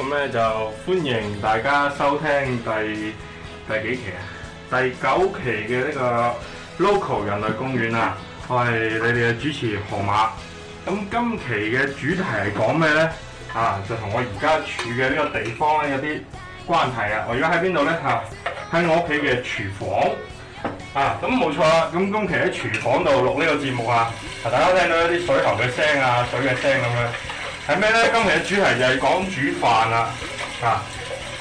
咁咧就歡迎大家收聽第第幾期啊？第九期嘅呢個 Local 人類公園啊！我係你哋嘅主持河馬。咁今期嘅主題係講咩咧？啊，就同我而家住嘅呢個地方咧有啲關係啊！我而、啊、家喺邊度咧？吓，喺我屋企嘅廚房啊！咁冇錯啦、啊！咁今期喺廚房度錄呢個節目啊！大家聽到一啲水喉嘅聲啊、水嘅聲咁、啊、樣。係咩咧？今日嘅主題就係講煮飯啦，啊！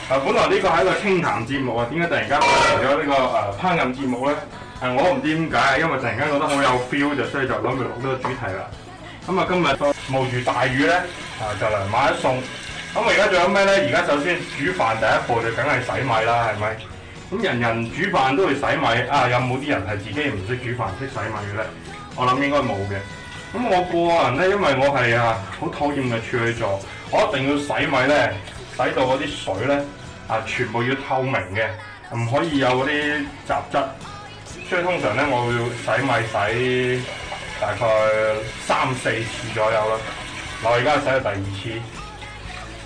啊，本來呢個係一個傾談節目啊，點解突然間變成咗呢個誒烹飪節目咧？誒、啊，我都唔知點解，因為突然間覺得好有 feel，就所以就諗住錄多個主題啦。咁啊，今日都冒住大雨咧，啊，就嚟買餸。咁我而家仲有咩咧？而家首先煮飯第一步就梗係洗米啦，係咪？咁、啊、人人煮飯都會洗米啊！有冇啲人係自己唔識煮飯識洗米嘅咧？我諗應該冇嘅。咁我個人咧，因為我係啊好討厭嘅處女座，我一定要洗米咧，洗到嗰啲水咧啊全部要透明嘅，唔可以有嗰啲雜質。所以通常咧，我要洗米洗大概三四次左右啦。嗱，我而家洗到第二次，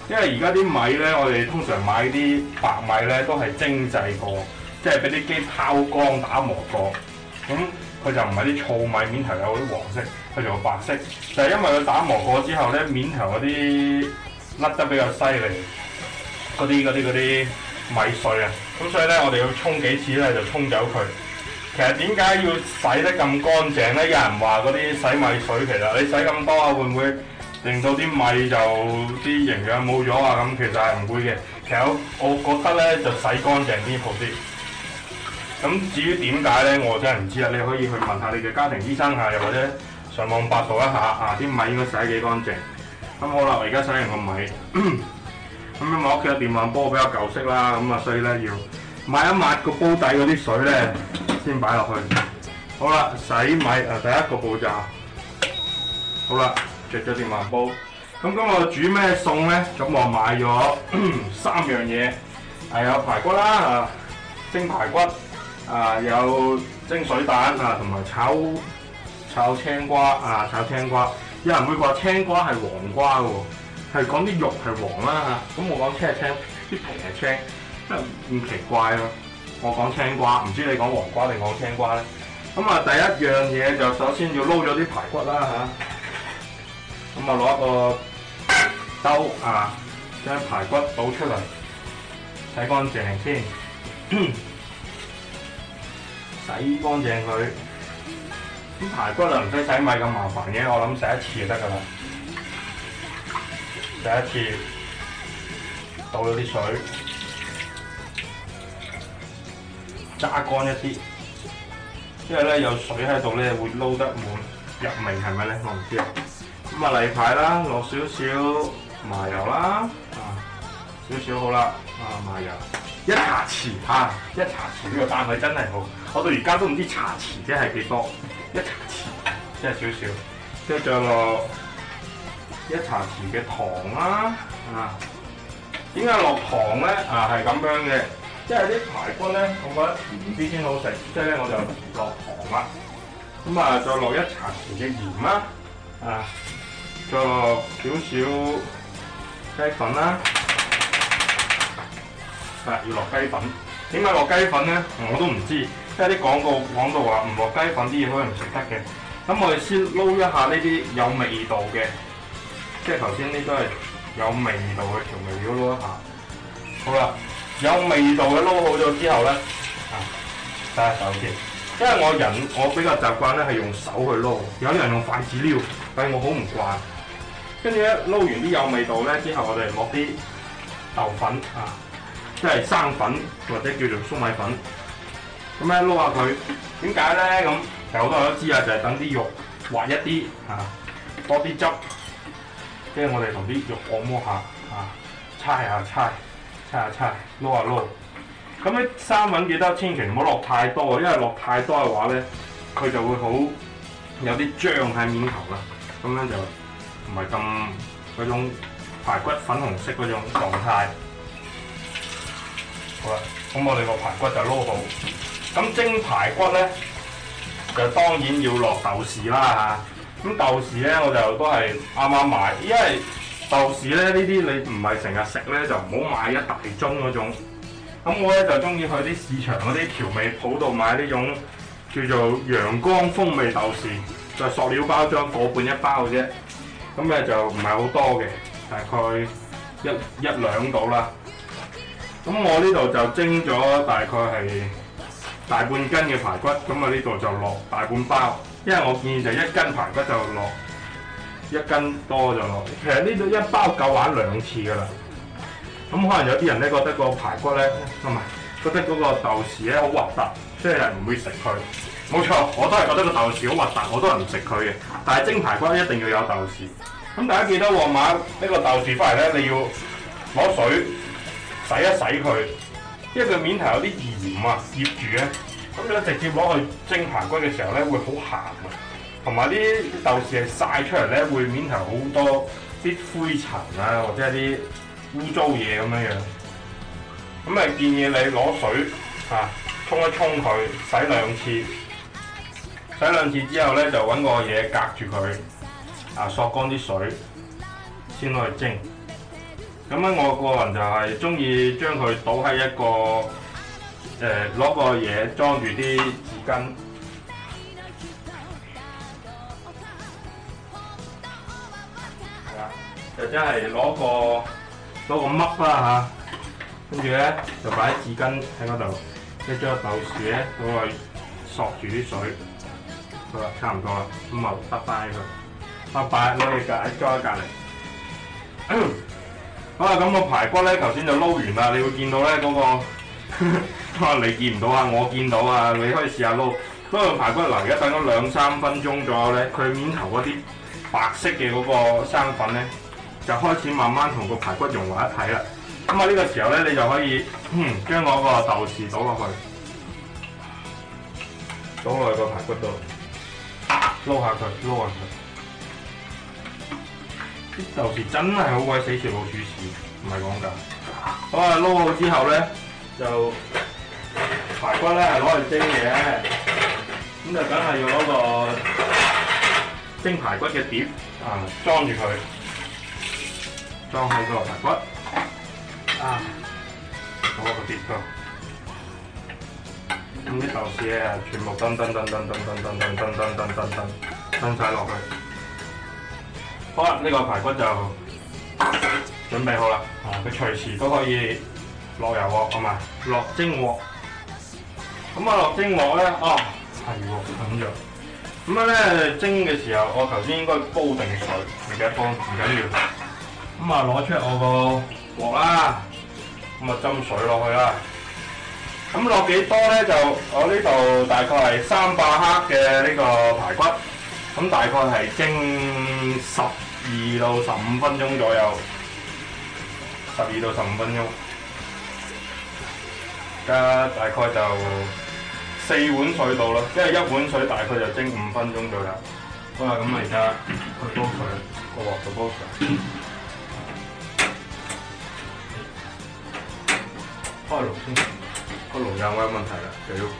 因為而家啲米咧，我哋通常買啲白米咧，都係精製過，即係俾啲機拋光打磨過咁。嗯佢就唔係啲糙米，面頭有啲黃色，佢就白色，就係因為佢打磨過之後咧，面頭嗰啲甩得比較犀利，嗰啲嗰啲嗰啲米碎啊，咁所以咧我哋要沖幾次咧就沖走佢。其實點解要洗得咁乾淨咧？有人話嗰啲洗米水其實你洗咁多啊，會唔會令到啲米就啲營養冇咗啊？咁其實係唔會嘅。其實我覺得咧就洗乾淨啲好啲。咁至於點解咧，我真係唔知啊！你可以去問下你嘅家庭醫生下，又或者上網百度一下啊！啲米應該洗幾乾淨。咁、嗯、好啦，我而家洗完個米。咁、 嗯、因為我屋企嘅電飯煲比較舊式啦，咁啊所以咧要抹一抹個煲底嗰啲水咧先擺落去。好啦，洗米啊，第一個步驟。好啦，着咗電飯煲。咁今日煮咩餸咧？咁我買咗 三樣嘢，係、啊、有排骨啦、啊，蒸排骨。啊有蒸水蛋啊，同埋炒炒青瓜啊，炒青瓜。有人會話青瓜係黃瓜嘅，啊，係講啲肉係黃啦吓。咁、啊、我講青係青，啲皮係青，真唔奇怪咯、啊。我講青瓜，唔知你講黃瓜定講青瓜咧。咁啊，第一樣嘢就首先要撈咗啲排骨啦吓。咁啊，攞一個兜啊，將排骨倒出嚟，洗乾淨先。洗乾淨佢，咁排骨咧唔使洗米咁麻煩嘅，我諗洗一次就得噶啦，洗一次，倒咗啲水，揸乾一啲，因為咧有水喺度咧會撈得滿入味，係咪咧？我唔知啊。咁啊例牌啦，落少少麻油啦，啊，少少好啦，啊麻油。一茶匙嚇、啊，一茶匙呢個單位真係好，我到而家都唔知茶匙即係幾多，一茶匙即係少少，即係再落一茶匙嘅糖啦，啊，點解落糖咧？啊，係咁樣嘅，即係啲排骨咧，我覺得甜啲先好食，即係咧我就唔落糖啦。咁啊，再落一茶匙嘅鹽啦，啊，再落、啊、少少雞粉啦。啊。啊，要落雞粉。點解落雞粉咧？我都唔知，即係啲廣告講到話唔落雞粉啲嘢可能唔食得嘅。咁我哋先撈一下呢啲有味道嘅，即係頭先呢都係有味道嘅調味料撈一下。好啦，有味道嘅撈好咗之後咧，啊，洗下手先，因為我人我比較習慣咧係用手去撈，有啲人用筷子撩，但我好唔慣。跟住咧撈完啲有味道咧之後，我哋落啲豆粉啊。即係生粉或者叫做粟米粉，咁咧撈下佢，點解咧咁？其實好多人都知啊，就係等啲肉滑一啲嚇，多啲汁，跟住我哋同啲肉按摩下嚇，猜下猜，猜下猜，撈下撈。咁咧生粉記得千祈唔好落太多，因為落太多嘅話咧，佢就會好有啲漿喺面頭啦。咁咧就唔係咁嗰種排骨粉紅色嗰種狀態。好啦，咁我哋個排骨就撈好，咁蒸排骨咧就當然要落豆豉啦嚇。咁豆豉咧我就都係啱啱買，因為豆豉咧呢啲你唔係成日食咧就唔好買一大樽嗰種。咁我咧就中意去啲市場嗰啲調味鋪度買呢種叫做陽光風味豆豉，就塑料包裝，過半一包嘅啫。咁咧就唔係好多嘅，大概一一,一兩到啦。咁我呢度就蒸咗大概係大半斤嘅排骨，咁啊呢度就落大半包，因為我建議就一斤排骨就落一斤多就落。其實呢度一包夠玩兩次噶啦。咁可能有啲人咧覺得個排骨咧，同埋覺得嗰個豆豉咧好核突，即係唔會食佢。冇錯，我都係覺得個豆豉好核突，我都係唔食佢嘅。但係蒸排骨一定要有豆豉。咁大家記得買呢個豆豉翻嚟咧，你要攞水。洗一洗佢，因為佢面頭有啲鹽啊，醃住咧、啊，咁樣直接攞去蒸排骨嘅時候咧，會好鹹啊。同埋啲豆豉係曬出嚟咧，會面頭好多啲灰塵啊，或者啲污糟嘢咁樣樣。咁啊，建議你攞水啊，沖一沖佢，洗兩次，洗兩次之後咧，就揾個嘢隔住佢啊，索乾啲水，先攞去蒸。咁樣、嗯、我個人就係中意將佢倒喺一個誒攞、呃、個嘢裝住啲紙巾，嗯嗯、就真係攞個攞個乜啦嚇，跟住咧就擺喺紙巾喺嗰度，即將個豆豉咧攞去索住啲水，好、嗯、啦，差唔多啦，唔好發掰佢，發掰攞嘢就喺裝喺隔離。啊咁個排骨咧，頭先就撈完啦。你會見到咧嗰個，呵呵啊你見唔到啊，我見到啊。你可以試下撈。嗰個排骨嗱，而家等咗兩三分鐘左右咧，佢面頭嗰啲白色嘅嗰個生粉咧，就開始慢慢同個排骨融為一體啦。咁啊，呢個時候咧，你就可以、嗯、將嗰個豆豉倒落去，倒落去個排骨度，撈下佢，撈下佢。啲豆豉真係好鬼死少老鼠屎，唔係講假。好啊，撈好之後咧，就排骨咧攞去蒸嘅，咁就梗係用嗰個蒸排骨嘅碟啊裝住佢，裝喺個排骨啊，攞個碟度。咁啲豆豉啊，全部登登登登登登登登登登登登登登晒落去。好啦，呢、這個排骨就準備好啦，啊，佢隨時都可以落油鑊，同埋落蒸鑊。咁、嗯、啊，落蒸鑊咧，哦，係、嗯、喎，咁樣。咁啊咧，蒸嘅時候，我頭先應該煲定水，唔記得煲，唔緊要。咁、嗯、啊，攞出我個鑊啦，咁啊斟水落去啦。咁落幾多咧？就我呢度大概係三百克嘅呢個排骨。咁大概係蒸十二到十五分鐘左右，十二到十五分鐘。而家大概就四碗水到啦，因為一碗水大概就蒸五分鐘左右。好啦、嗯！咁啊，而家去煲水，個鑊就煲水。開、嗯啊、爐先，個爐又冇乜問題啦，又要～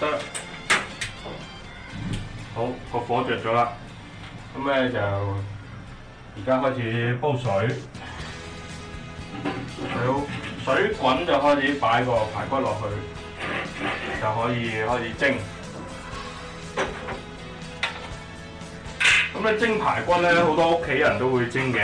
得，好個火着咗啦，咁咧就而家開始煲水，水水滾就開始擺個排骨落去，就可以開始蒸。咁咧蒸排骨咧，好多屋企人都會蒸嘅，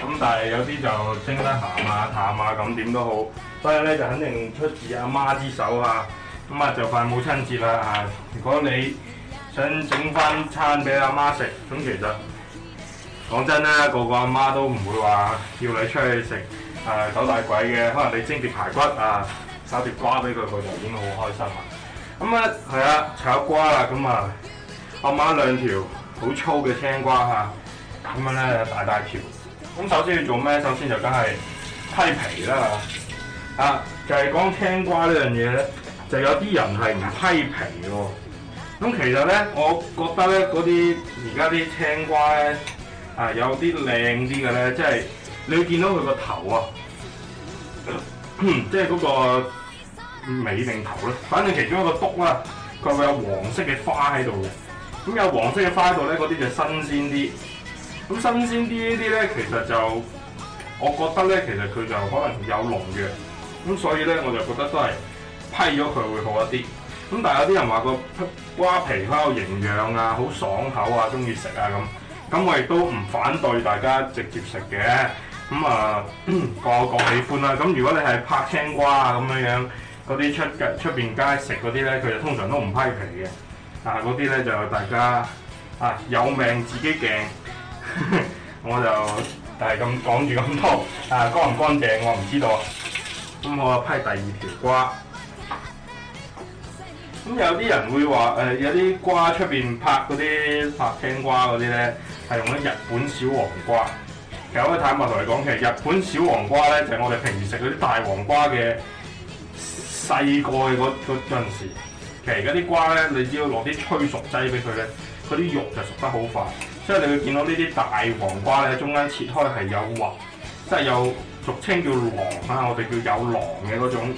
咁但係有啲就蒸得鹹啊淡啊，咁點都好，所以咧就肯定出自阿媽之手啊！咁啊，就快母親節啦嚇！如果你想整翻餐俾阿媽食，咁其實講真咧，個個阿媽，媽都唔會話叫你出去食誒、呃、九大簋嘅，可能你蒸碟排骨啊，炒碟瓜俾佢，佢就已經好開心啦。咁啊，係啊，炒瓜啦，咁啊，我買兩條好粗嘅青瓜嚇，咁樣咧大大條。咁首先要做咩？首先就梗係批皮啦嚇。啊，就係、是、講青瓜呢樣嘢咧。就有啲人係唔批評嘅、哦，咁其實咧，我覺得咧，嗰啲而家啲青瓜咧，啊有啲靚啲嘅咧，即係你會見到佢個頭啊，即係嗰、嗰個、啊、尾定頭咧，反正其中一個篤啦，佢會有黃色嘅花喺度嘅，咁有黃色嘅花喺度咧，嗰啲就新鮮啲，咁新鮮啲呢啲咧，其實就我覺得咧，其實佢就可能有農藥，咁所以咧，我就覺得都係。批咗佢會好一啲，咁但係有啲人話個瓜皮好有營養啊，好爽口啊，中意食啊咁，咁我亦都唔反對大家直接食嘅，咁、嗯、啊個個喜歡啦、啊。咁如果你係拍青瓜啊咁樣樣，嗰啲出出邊街食嗰啲咧，佢就通常都唔批皮嘅，啊嗰啲咧就大家啊有命自己掟， 我就就係咁講住咁多，啊乾唔乾淨我唔知道啊。咁我啊，批第二條瓜。咁有啲人會話誒、呃，有啲瓜出邊拍嗰啲拍青瓜嗰啲咧，係用啲日本小黃瓜。其實我可以坦白同你講，其實日本小黃瓜咧，就係我哋平時食嗰啲大黃瓜嘅細個嘅嗰陣時。其實而家啲瓜咧，你只要落啲催熟劑俾佢咧，嗰啲肉就熟得好快。所以你會見到呢啲大黃瓜咧，中間切開係有橫，即係有俗稱叫狼啊，我哋叫有狼嘅嗰種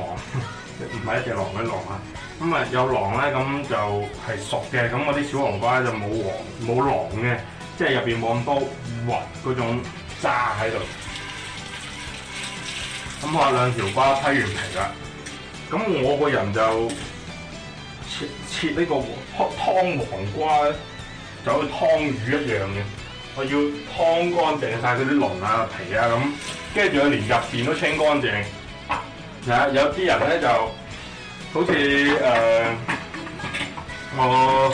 狼。唔係一隻狼嘅狼啊，咁啊有狼咧，咁就係熟嘅，咁嗰啲小黃瓜就冇黃冇狼嘅，即係入邊冇咁多核嗰種渣喺度。咁啊兩條瓜批完皮啦，咁我個人就切切呢、呢個湯、湯黃瓜咧，就好似湯魚一樣嘅，我要湯乾淨晒佢啲鱗啊皮啊咁，跟住仲要連入邊都清乾淨。有啲人咧就好，好似誒我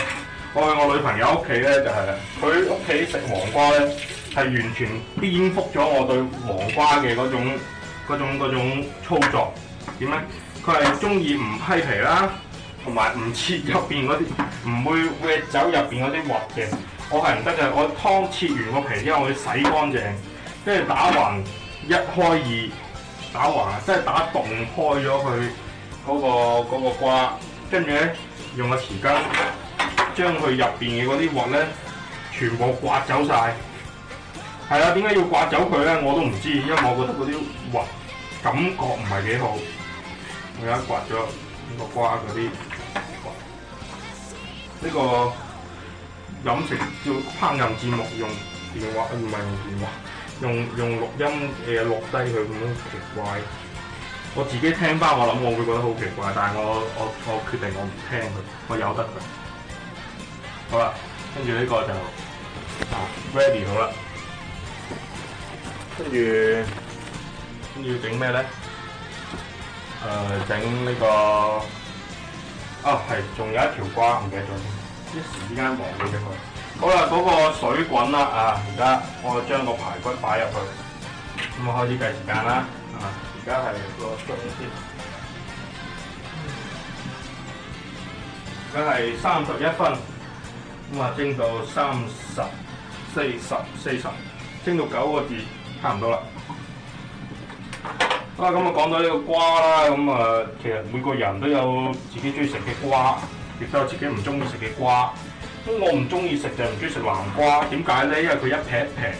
我去我女朋友屋企咧就係佢屋企食黃瓜咧係完全顛覆咗我對黃瓜嘅嗰種嗰種嗰種操作點咧？佢係中意唔批皮啦，同埋唔切入邊嗰啲，唔會搣走入邊嗰啲核嘅。我係唔得嘅，我湯切完個皮之後，我要洗乾淨，跟住打匀，一開二。打橫，即係打洞開咗佢嗰個瓜，跟住咧用個匙羹將佢入邊嘅嗰啲核咧全部刮走晒。係啊，點解要刮走佢咧？我都唔知，因為我覺得嗰啲核感覺唔係幾好。我而家刮咗呢個瓜嗰啲，呢、呢個飲食叫烹飪節目，用電話，唔、哎、唔係用電話。用用錄音誒、呃、錄低佢，咁樣奇怪，我自己聽翻我諗我會覺得好奇怪，但係我我我決定我唔聽佢，我有得嘅。好啦，跟住呢個就啊、哦、ready 好啦，跟住跟住要整咩咧？誒整呢個啊係，仲有一條瓜唔記得咗，一時之間忘記咗佢、這個。好啦，嗰、那個水滾啦啊！而家我將個排骨擺入去，咁啊開始計時,時間啦啊！而家係攞鐘先，而家係三十一分，咁啊蒸到三十四十、四十，蒸到九個字，差唔多啦。啊咁、嗯、啊講到呢個瓜啦，咁啊其實每個人都有自己中意食嘅瓜，亦都有自己唔中意食嘅瓜。咁我唔中意食就唔中意食南瓜，點解咧？因為佢一撇一撇。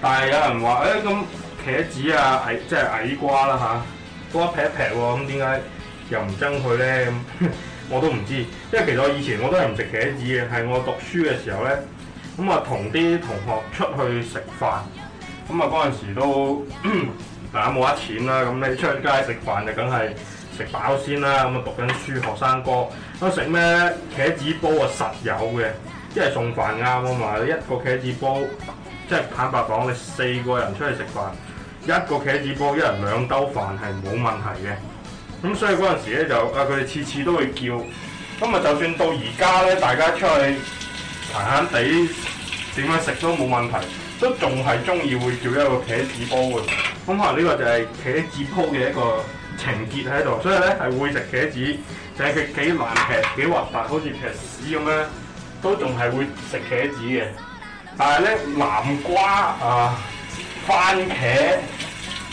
但係有人話，誒，咁茄子啊，矮，即係矮瓜啦、啊、吓，都一撇一撇喎、啊，咁點解又唔憎佢咧？ 我都唔知，因為其實我以前我都係唔食茄子嘅。係我讀書嘅時候咧，咁啊同啲同學出去食飯，咁啊嗰陣時都 大家冇得錢啦，咁你出街食飯就梗係～食飽先啦，咁啊讀緊書學生哥，咁食咩茄子煲啊實有嘅，因為送飯啱啊嘛，一個茄子煲，即係坦白講，你四個人出去食飯，一個茄子煲，一人兩兜飯係冇問題嘅。咁所以嗰陣時咧就啊，佢哋次次都會叫，咁啊就算到而家咧，大家出去閒閒地點樣食都冇問題，都仲係中意會叫一個茄子煲嘅。咁可能呢個就係茄子煲嘅一個情結喺度，所以咧係會食茄子，就係佢幾難劈，幾核突，好似劈屎咁咧，都仲係會食茄子嘅。但係咧，南瓜啊、番茄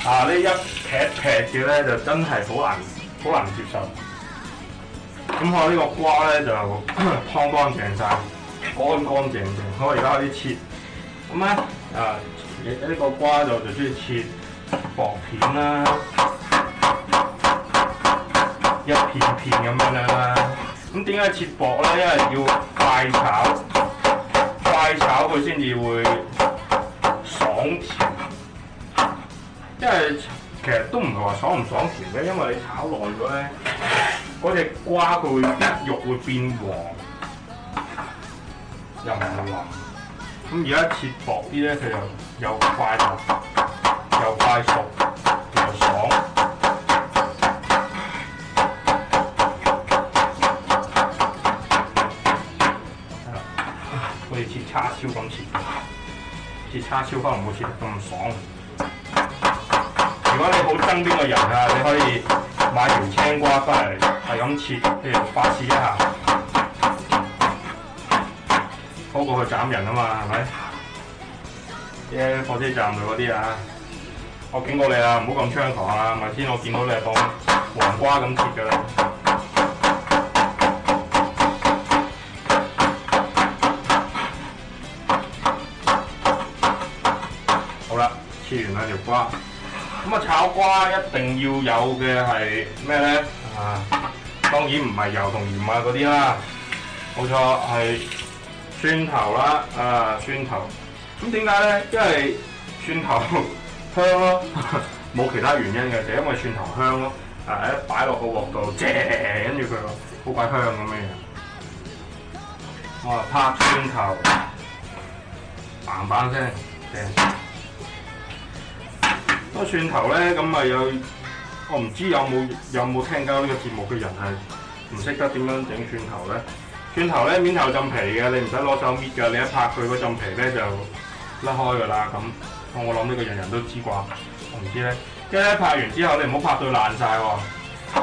啊呢一劈劈嘅咧，就真係好難，好難接受。咁我呢個瓜咧就乾 乾淨晒，乾乾淨淨，我而家可以切。咁咧啊，呢、呢個瓜就就中意切薄片啦。一片片咁樣啦，咁點解切薄咧？因為要快炒，快炒佢先至會爽甜。因為其實都唔係話爽唔爽甜嘅，因為你炒耐咗咧，嗰隻瓜佢一肉會變黃，又唔腍。咁而家切薄啲咧，佢又又快腍，又快熟。切叉燒可能唔好切得咁爽。如果你好憎邊個人啊，你可以買條青瓜翻嚟，係咁切，譬如發洩一下。好過去斬人啊嘛，係咪？啲火車站度嗰啲啊，我警告你啊，唔好咁猖狂啊！咪先。我見到你係當黃瓜咁切㗎咧。條瓜，咁啊炒瓜一定要有嘅係咩咧？啊，當然唔係油同鹽啊嗰啲啦，冇錯係蒜頭啦，啊蒜頭。咁點解咧？因為蒜頭香咯，冇其他原因嘅，就因為蒜頭香咯。啊，一擺落個鑊度，正，跟住佢好鬼香咁樣。我啊拍蒜頭，砰砰聲，正。個蒜頭咧，咁咪有。我唔知有冇有冇聽到呢個節目嘅人係唔識得點樣整蒜頭咧？蒜頭咧，面頭浸皮嘅，你唔使攞手搣㗎，你一拍佢個浸皮咧就甩開㗎啦。咁我諗呢個人人都知啩？我唔知咧。即係咧，拍完之後，你唔好拍到爛晒。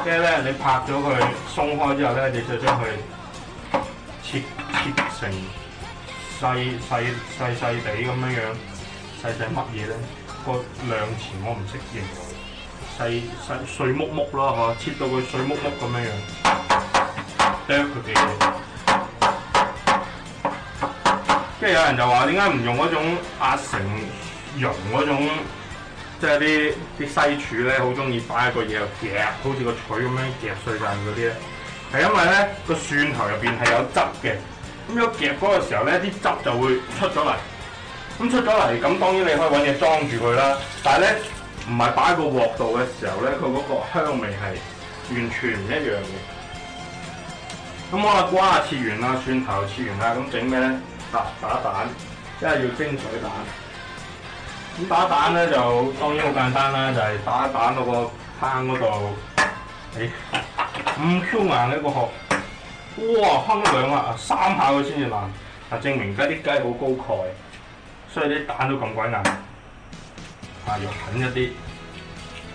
即係咧，你拍咗佢鬆開之後咧，你就將佢切切成細細細細地咁樣樣，細細乜嘢咧？個量詞我唔識形容，細細碎木木啦嚇，切到佢碎木木咁樣樣，剁佢哋。跟住有人就話：點解唔用嗰種壓成蓉嗰種，即係啲啲西柱咧，好中意擺一個嘢又夾，好似個槌咁樣夾碎曬嗰啲咧？係因為咧個蒜頭入邊係有汁嘅，咁樣夾嗰個時候咧，啲汁就會出咗嚟。咁出咗嚟，咁當然你可以揾嘢裝住佢啦。但係咧，唔係擺喺個鑊度嘅時候咧，佢嗰個香味係完全唔一樣嘅。咁我啊瓜切完啦，蒜頭切完啦，咁整咩咧？打打蛋，即係要蒸水蛋。咁打蛋咧就當然好簡單啦，就係、是、打，打蛋到個坑嗰度。哎，五 Q 硬呢個殼，哇，坑兩下啊，三下佢先至爛。嗱，證明家啲雞好高鈣。所以啲蛋都咁鬼硬，啊要狠一啲，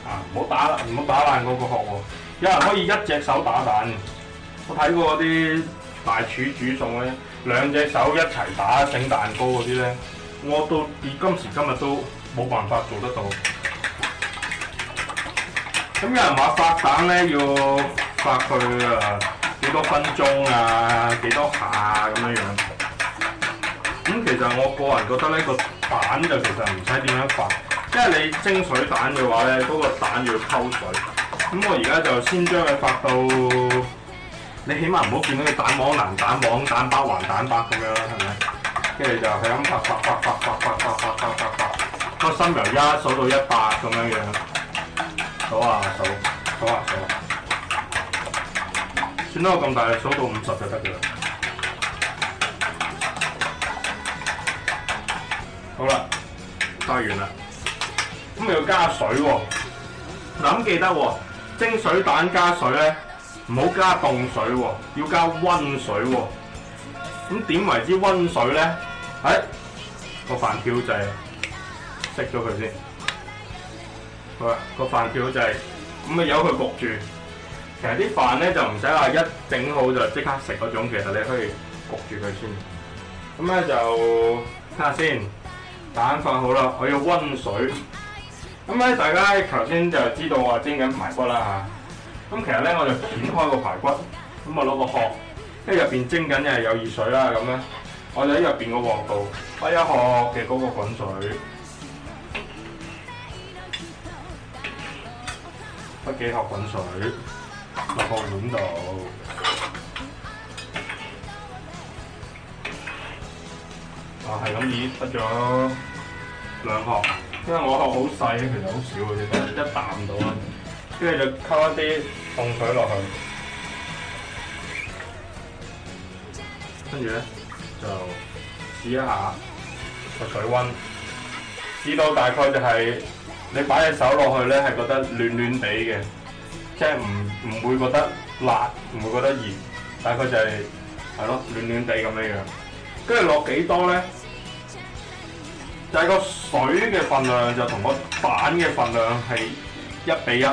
啊唔好打啦，唔好打爛嗰個殼喎，啊。有人可以一隻手打蛋，我睇過啲大廚煮餸咧，兩隻手一齊打整蛋糕嗰啲咧，我到至今時今日都冇辦法做得到。咁有人話發蛋咧要發佢誒幾多分鐘啊，幾多下咁、啊、樣樣。咁其實我個人覺得呢個蛋就其實唔使點樣發，因為你蒸水蛋嘅話呢，嗰個蛋要溝水。咁我而家就先將佢發到，你起碼唔好見到你蛋黃藍蛋黃，蛋白還蛋白咁樣，係咪？跟住就係咁，發發發發發發發發，個心由一數到一百咁樣樣，數下數，數下數，算啦我咁大，數到五十就得嘅啦。好啦，加完啦。咁又要加水喎，哦。嗱，咁記得、哦、蒸水蛋加水咧，唔好加凍水喎，哦，要加溫水喎，哦。咁點為之溫水咧？誒、哎、個飯票仔，熄咗佢先。好啦，個飯票仔咁啊，由佢焗住。其實啲飯咧就唔使話一整好就即刻食嗰種，其實你可以焗住佢先。咁咧就睇下先。看看蛋飯好啦，我要温水。咁咧，大家頭先就知道我在蒸緊排骨啦嚇。咁其實咧，我就剪開個排骨，咁啊攞個殼，因為入邊蒸緊又係有熱水啦，咁咧，我就喺入邊個鑊度開一殼嘅嗰個滾水，得幾盒滾水落個碗度。係咁已經，得咗兩殼，因為我殼好細其實好少嘅，即得一啖到啦。跟住就溝一啲凍水落去，跟住咧就試一下個水温，試到大概就係、是、你擺隻手落去咧，係覺得暖暖地嘅，即係唔唔會覺得辣，唔會覺得熱，大概就係係咯暖暖地咁樣樣。跟住落幾多咧？就係個水嘅份量就同個蛋嘅份量係一比一。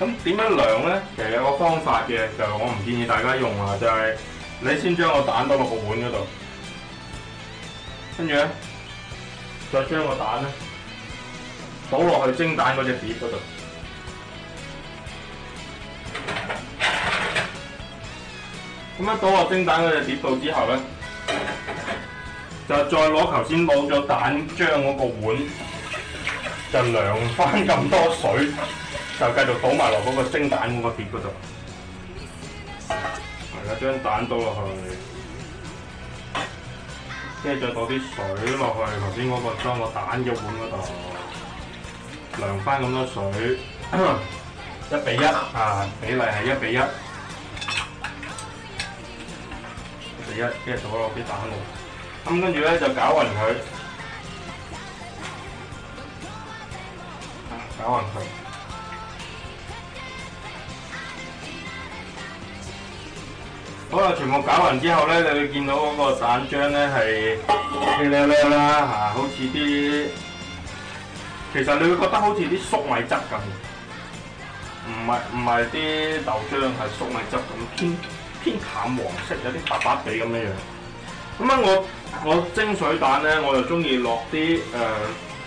咁點樣量咧？其實有個方法嘅，就我唔建議大家用啦。就係你先將個蛋倒落個碗嗰度，跟住咧，再將個蛋咧倒落去蒸蛋嗰隻碟嗰度。咁樣倒落蒸蛋嗰隻碟度之後咧。就再攞頭先冇咗蛋漿嗰個碗，就量翻咁多水，就繼續倒埋落嗰個蒸蛋嗰個碟嗰度。係啦，將蛋倒落去，跟住再倒啲水落去頭先嗰個裝個蛋嘅碗嗰度，量翻咁多水，一比一啊，比例係一比一，一比一，跟住倒落啲蛋度。咁跟住咧就攪勻佢，啊攪勻佢。好啊！全部攪勻之後咧，你會見到嗰個蛋漿咧係靚靚啦嚇，好似啲……其實你會覺得好似啲粟米汁咁，唔係唔係啲豆漿，係粟米汁咁偏偏淡黃色，有啲白白地咁樣樣。咁啊，我。我蒸水蛋咧，我就中意落啲誒，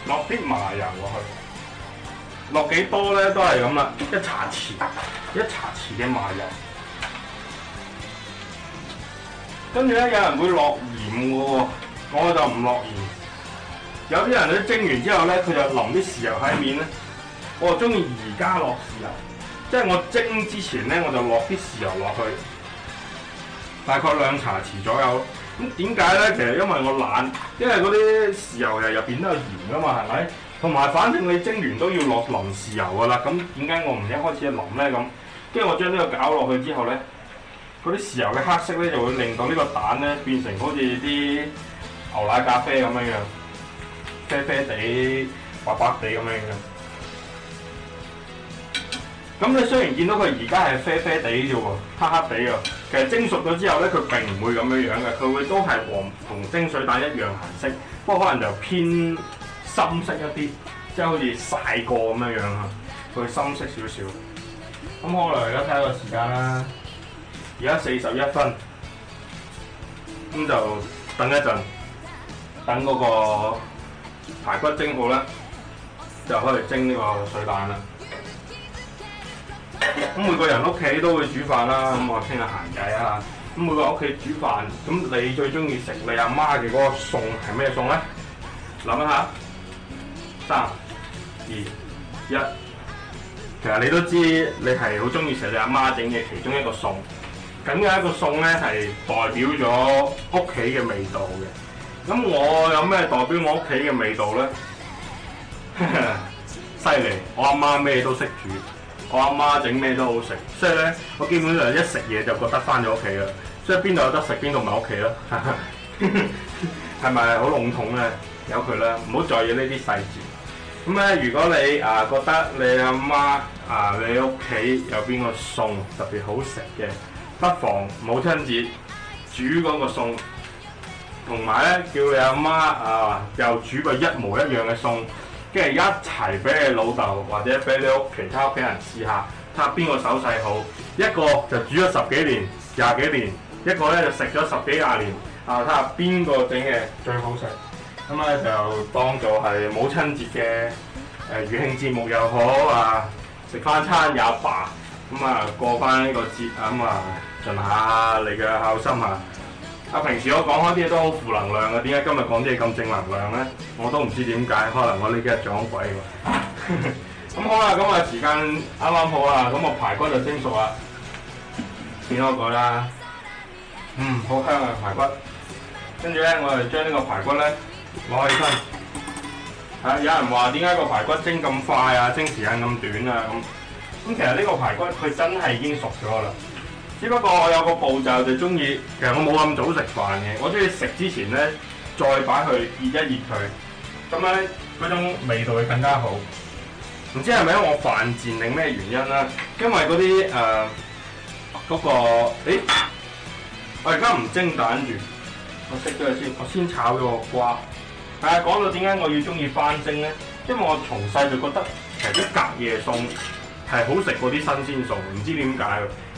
落、呃、啲麻油落去，落幾多咧都係咁啦，一茶匙一茶匙嘅麻油。跟住咧，有人會落鹽嘅喎，我就唔落鹽。有啲人咧蒸完之後咧，佢就淋啲豉油喺面咧，我就中意而家落豉油，即係我蒸之前咧，我就落啲豉油落去，大概兩茶匙左右。咁點解咧？其實因為我懶，因為嗰啲豉油又入邊都有鹽噶嘛，係咪？同埋反正你蒸完都要落淋豉油噶啦。咁點解我唔一開始一淋咧咁？跟住我將呢個攪落去之後咧，嗰啲豉油嘅黑色咧就會令到呢個蛋咧變成好似啲牛奶咖啡咁樣樣，啡啡地、白白地咁樣嘅。咁你雖然見到佢而家係啡啡地啫喎，黑黑地啊，其實蒸熟咗之後咧，佢並唔會咁樣樣嘅，佢會都係黃同蒸水蛋一樣顏色，不過可能就偏深色一啲，即係好似曬過咁樣樣啊，佢會深色少少。咁可能而家睇下個時間啦，而家四十一分，咁就等一陣，等嗰個排骨蒸好啦，就可以蒸呢個水蛋啦。咁每個人屋企都會煮飯啦，咁我傾下閒偈啊。咁每個屋企煮飯，咁你最中意食你阿媽嘅嗰個餸係咩餸咧？諗一下，三二一。其實你都知，你係好中意食你阿媽整嘅其中一個餸。咁嘅一個餸咧，係代表咗屋企嘅味道嘅。咁我有咩代表我屋企嘅味道咧？犀 利，我阿媽咩都識煮。我阿媽整咩都好食，所以咧我基本上一食嘢就覺得翻咗屋企啦。所以邊度有得食邊度咪屋企囉，係咪好籠統咧？由佢啦，唔好在意呢啲細節。咁咧，如果你啊、呃、覺得你阿媽啊你屋企有邊個餸特別好食嘅，不妨母親節煮嗰個餸，同埋咧叫你阿媽啊又煮個一模一樣嘅餸。即係一齊俾你老豆，或者俾你屋其他屋企人試下，睇下邊個手勢好。一個就煮咗十幾年、廿幾年，一個咧就食咗十幾廿年看看、嗯呃，啊，睇下邊個整嘅最好食。咁咧就當做係母親節嘅誒，餘興節目又好啊，食翻餐也罷。咁、嗯、啊，過翻呢個節咁啊，盡、嗯、下你嘅孝心啊！啊！平時我講開啲嘢都好負能量嘅，點解今日講啲嘢咁正能量咧？我都唔知點解，可能我呢幾日撞鬼喎。咁、 嗯、好啦，咁啊時間啱啱好啦，咁我排骨就蒸熟啦，試多個啦。嗯，好香啊排骨！跟住咧，我哋將呢個排骨咧攞起身。嚇、啊！有人話點解個排骨蒸咁快啊？蒸時間咁短啊？咁、嗯、咁、嗯、其實呢個排骨佢真係已經熟咗啦。只不過我有個步驟就中意，其實我冇咁早食飯嘅，我中意食之前咧再擺去熱一熱佢，咁樣嗰種味道會更加好。唔知係咪因為我犯賤定咩原因啦？因為嗰啲誒嗰個，誒我而家唔蒸蛋住，我熄咗佢先，我先炒咗個瓜。係啊，但講到點解我要中意翻蒸咧？因為我從細就覺得其實一隔夜餸係好食過啲新鮮餸，唔知點解。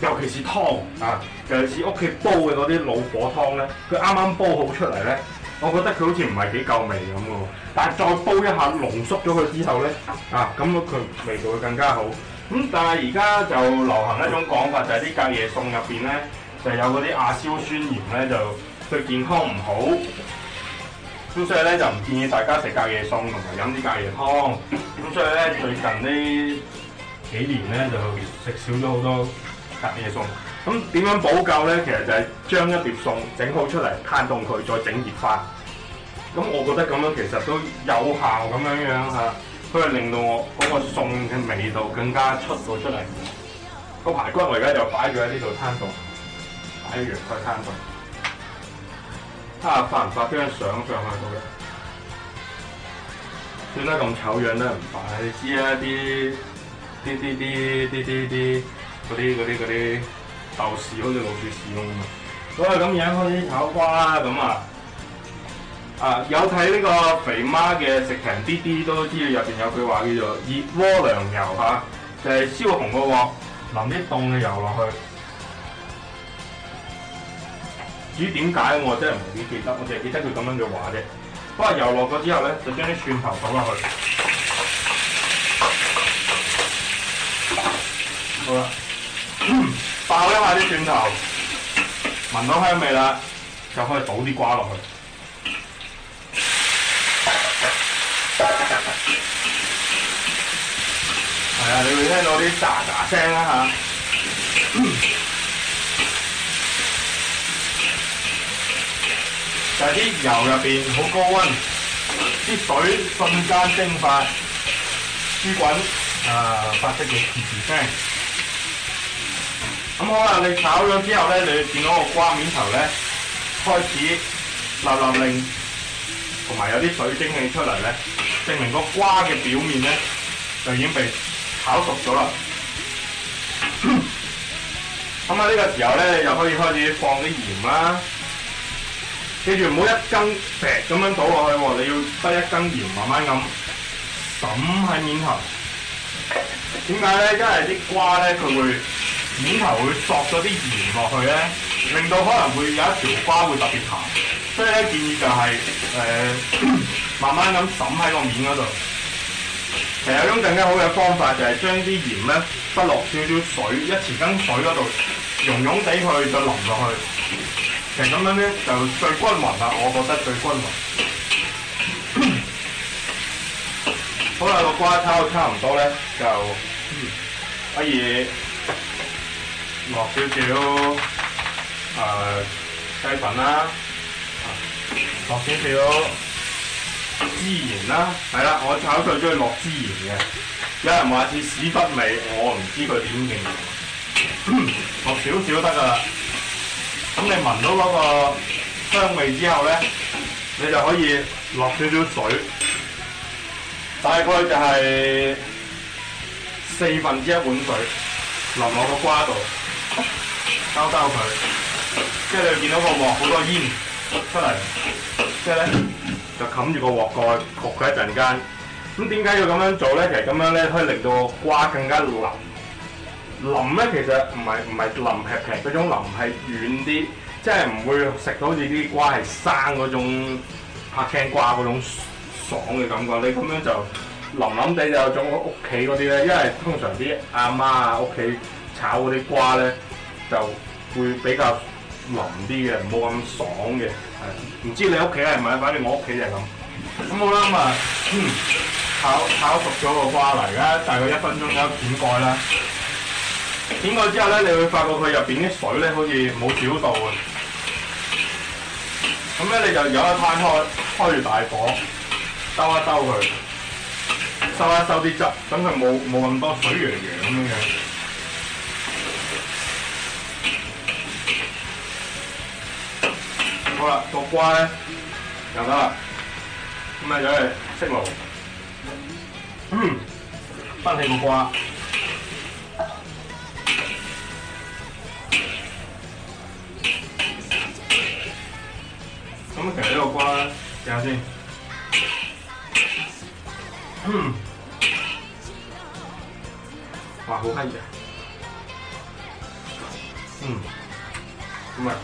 尤其是湯啊，尤其是屋企煲嘅嗰啲老火湯咧，佢啱啱煲好出嚟咧，我覺得佢好似唔係幾夠味咁喎。但係再煲一下濃縮咗佢之後咧，啊，咁佢味道會更加好。咁、嗯、但係而家就流行一種講法，就係、是、啲隔夜餸入邊咧就有嗰啲亞硝酸鹽咧，就對健康唔好。咁所以咧就唔建議大家食隔夜餸同埋飲啲隔夜湯。咁所以咧最近呢幾年咧就食少咗好多。隔夜餸，咁點、啊、樣補救咧？其實就係將一碟餸整好出嚟，攤凍佢，再整熱翻。咁、啊、我覺得咁樣其實都有效咁樣樣、啊、嚇，佢令到我嗰、那個餸嘅味道更加出到出嚟。個排骨我而家就擺住喺呢度攤凍，擺喺陽台攤凍。凍啊、發發下發唔發張相上去到嘅？算啦，咁醜樣都唔發，你知啊啲啲啲啲啲啲。嗰啲嗰啲啲豆豉好似老鼠屎咁、嗯、啊！咁啊咁樣，嗰啲炒瓜啦咁啊啊！有睇呢個肥媽嘅食評啲啲都知，入邊有句話叫做熱鍋涼油嚇、啊，就係、是、燒紅個鑊，淋啲凍嘅油落去。至於點解我真係唔幾記得，我淨係記得佢咁樣嘅話啫。不、嗯、過油落咗之後咧，就將啲蒜頭倒落去。好啦。爆一下啲蒜頭，聞到香味啦，就可以倒啲瓜落去。係啊，你會聽到啲喳喳聲啦吓，就係啲油入邊好高溫，啲水瞬間蒸發，豬滾啊發出嘅咕咕聲。好啦，你炒咗之後咧，你見到個瓜面頭咧開始立立令，同埋有啲水蒸氣出嚟咧，證明個瓜嘅表面咧就已經被炒熟咗啦。咁啊，呢 個時候咧你就可以開始放啲鹽啦。記住唔好一羹石咁樣倒落去喎，你要得一羹鹽慢慢咁揼喺面頭。點解咧？因為啲瓜咧佢會。面頭會落咗啲鹽落去咧，令到可能會有一條瓜會特別鹹，所以咧建議就係、是、誒、呃、慢慢咁滲喺個面嗰度。其實有種更加好嘅方法就係將啲鹽咧不落少少水，一匙羹水嗰度溶溶地去就淋落去，其實咁樣咧就最均勻啦，我覺得最均勻。 好啦，個瓜炒到差唔多咧，就可、嗯、以。落少少誒、呃、雞粉啦，落少少孜然啦，係啦，我炒菜中意落孜然嘅。有人話似屎忽味，我唔知佢點形容。落少少得㗎喇。咁你聞到嗰個香味之後咧，你就可以落少少水，大概就係四分之一碗水淋落個瓜度。包包佢，即係你見到個鑊好多煙出嚟，即係咧就冚住個鑊蓋焗佢一陣間。咁點解要咁樣做咧？其實咁樣咧可以令到個瓜更加淋淋咧。其實唔係唔係淋劈劈嗰種淋，係軟啲，即係唔會食到好似啲瓜係生嗰種拍青瓜嗰種爽嘅感覺。你咁樣就淋淋地就有種屋企嗰啲咧，因為通常啲阿媽啊屋企。媽媽炒嗰啲瓜咧，就會比較腍啲嘅，冇咁爽嘅。唔知你屋企係咪？反正我屋企就係咁。咁好啦，咁、嗯、啊，炒炒熟咗個瓜嚟啦，大概一分鐘啦，掀蓋啦。掀蓋之後咧，你會發覺佢入邊啲水咧，好似冇少到啊。咁咧你就由一攤開，開住大火，兜一兜佢，收一收啲汁，等佢冇冇咁多水洋洋咁樣嘅。好啦，個瓜咧又得啦，咁咪走去熄爐。嗯，翻起個瓜。咁啊，試下個瓜正先。嗯，哇，好開心。嗯，咁啊。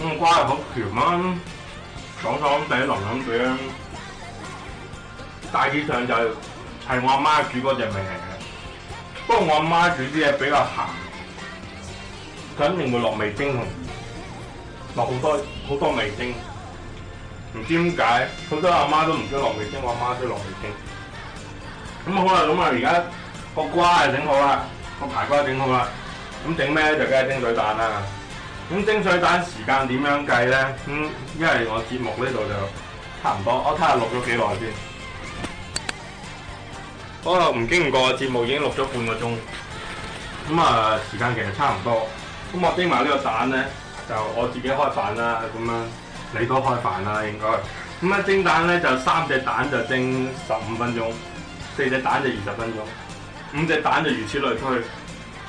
咁瓜又好甜啊，爽爽地、淋淋地，大致上就係我阿媽煮嗰隻味嚟嘅。不過我阿媽煮啲嘢比較鹹，肯定會落味精同落好多好多味精。唔、嗯、知點解好多阿媽都唔中意落味精，我阿媽都落味精。咁好啦，咁啊而家個瓜又整好啦，個排骨整好啦，咁整咩就梗係蒸水蛋啦。咁蒸水蛋時間點樣計咧？嗯，因為我節目呢度就差唔多。我睇下錄咗幾耐先。哦，唔經過節目已經錄咗半個鐘。咁、嗯、啊，時間其實差唔多。咁、嗯、我叮埋呢個蛋咧，就我自己開飯啦。咁樣你都開飯啦，應該。咁、嗯、啊，蒸蛋咧就三隻蛋就蒸十五分鐘，四隻蛋就二十分鐘，五隻蛋就如此類推。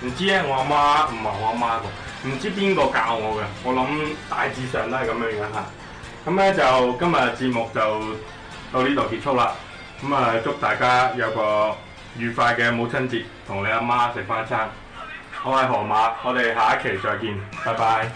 唔知咧，我阿媽唔係我阿媽唔知邊個教我嘅，我諗大致上都係咁樣樣吓。咁咧就今日節目就到呢度結束啦。咁啊，祝大家有個愉快嘅母親節，同你阿媽食翻餐。我係河馬，我哋下一期再見，拜拜。